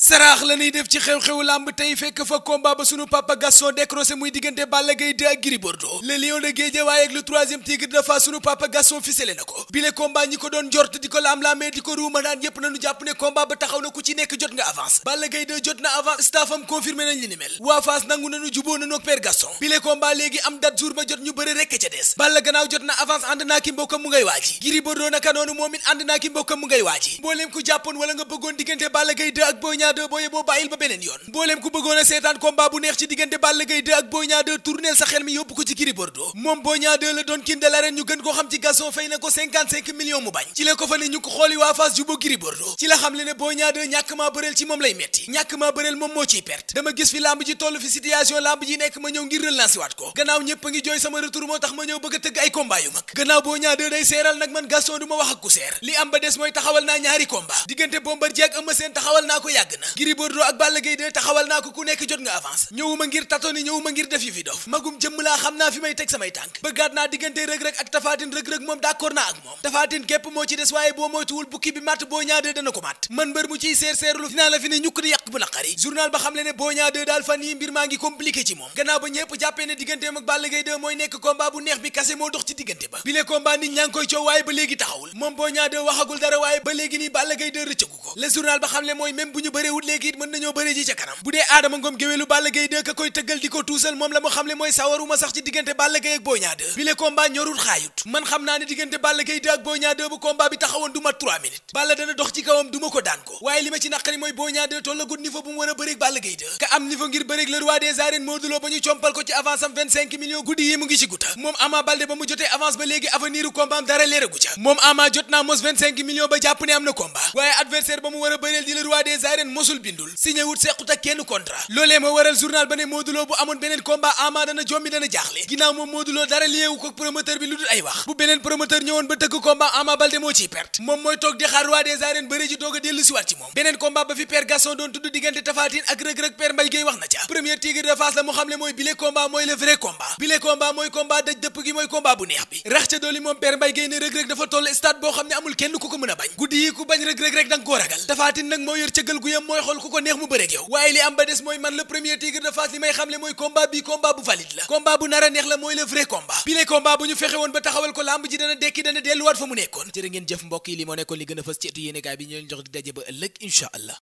saraax la ñuy def ci xew-xewu làmb tey fekk fa combat ba sunu papa Gaston décroché muy diggante Balla Gaye 2 ak Gris Bordeaux le lion de Guédiawaye ak le troisième tigre de sunu papa Gaston ficelé na ko bile combat ñi ko doon jort di ko laam-laamee di ko ruuma naan yépp nañu jàpp ne combat ba taxaw na ku ci nekk jot nga avance Balla Gaye 2 jot na avance staffam confirmé nañ li ni mel waa Fass nangu nañu juboo nañu ak père Gaston bile combat léegi am date Niang 2 boo yeboo bàyyil ba beneen yoon mbooleem ku bëggoon a seetaan combat bu neex ci diggante Balla Gaye 2 ak Boy Niang 2 tourneel sa xel mi yóbbu ko ci Gris Bordeaux moom Boy Niang la doon king de l'arène ñu gën koo xam ci Gaston fay na ko 55 millions mu bañ ci la ko fa ne ñu xooli waa Fass juboo Gris ci la xam le ne Boy Niang ñàkk maa bëreel ci moom lay metti ñàkk maa bëreel moom moo ciy perte dama gis fi lamb ji toll fi situation lamb a a mooy taxawal naa ñaari combat diggante Bombardier ak Eumeu Sène naa ko yàgg na Gris Bordeaux taxawal naa ko ku nekk jot nga avance ñëwuma ngir tatoni ñëwuma ngir def yi fi dof magum jëmm laa samay tànk naa diggante rëg-rëg ak tafaatin moo ci des waaye boo moytuwul bukki bi matt boo ñaadee dana ko matt man mbër mu ciy seer seerlu dinaa la fi ne ñukk di yàq bu naqari journal ba xam le ne boo daal fan yi mbir maa ngi compliqué ci moom gannaaw ba ñëpp jàppee ne digganteem ak Balla Gaye mooy nekk combat bu neex bi kase moo dox ci diggante ba bile combat nit ñaa ngi koy coow waaye ba léegi taxawul moom boo waxagul dara waaye ba léegi nii Balla Gaye de ko le journal ba xam le mooy même bu ñu bëri bëreewut waaye li ci naqari mooy Boy Niang 2 bu mu war a bëreeg Balla Gaye ka am niveau ngir bëreeg le roi des arènes moom Ama jot naa mos 25 millions ba jàpp ne am na combat waaye adversaire ba mu war a bëreel di le roi des arènes mosul bindul signé sequt ak kenn contrat loolee moo waral journal ba ne Modou bu amoon beneen combat ama dana jombi dana jaaxle ginnaaw moom Modou dara liyeewu ko promoteur bi lu dul ay wax bu beneen promoteur ñëwoon ba tëgg combat ama balde moo ciy perte moom mooy toog di xaar roi des arènes bëri ji doog a dellu ci moom beneen combat ba fi père Gaston doon tudd diggante tafaatin ak rëg-rëg père Mbaye Gueye wax na ca premier tigre de Fass mooy xool ku ko neex mu bëreeg yow waaye li am ba des mooy man le premier tigre de Fass li may xamle mooy combat bi combat bu valide la combat bu nar a neex la mooy le vrai combat bile combat bu ñu fexe ba taxawal ko lamb ji dana dekki dana delluwaat fa mu nekkoon jërë ngeen jëf mbokk li moo nekkoon li gën a fës ci etu yéene gaay bi ñu leen jox di daje ba ëllëg incha allah